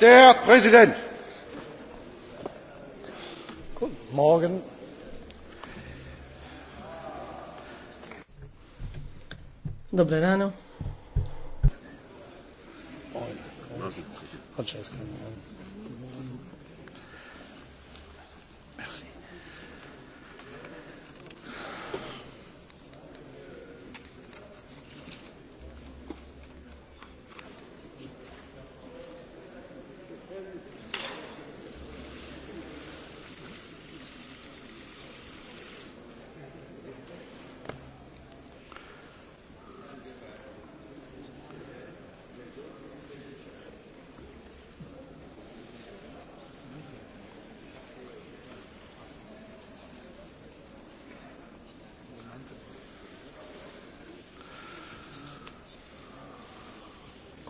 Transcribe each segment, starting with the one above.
Der Präsident. Guten Morgen. Dobré ráno. Merci.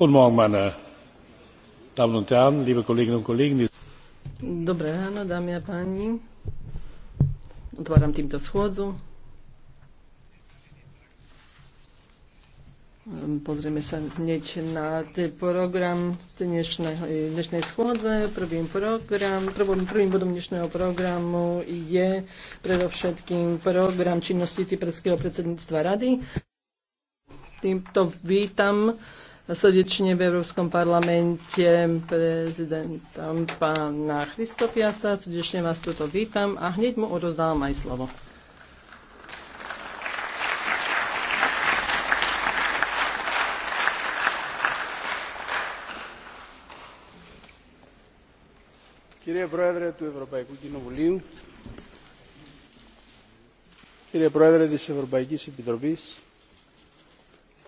Guten Morgen, meine Damen und Herren, liebe Kolleginnen und Kollegen. Dobré ráno, dámy a páni. Otváram týmto schôdzu. Ehm, pozrieme sa hneď na program dnešnej, eh, dnešnej schôdze. Prvým, program, prvým, prvým bodom dnešného programu je predovšetkým program činnosti cyperského predsedníctva rady. Týmto vítam srdečne v Európskom parlamente prezidentom pána Christofiasa. Srdečne vás tuto vítam a hneď mu odozdávam aj slovo. Κύριε Πρόεδρε του Ευρωπαϊκού Κοινοβουλίου, kýrie Πρόεδρε της Ευρωπαϊκής Επιτροπής,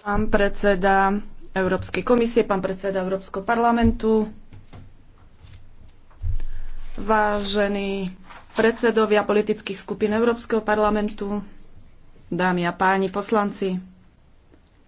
Pán predseda Európskej komisie, pán predseda Európskeho parlamentu, vážení predsedovia politických skupín Európskeho parlamentu, dámy a páni poslanci.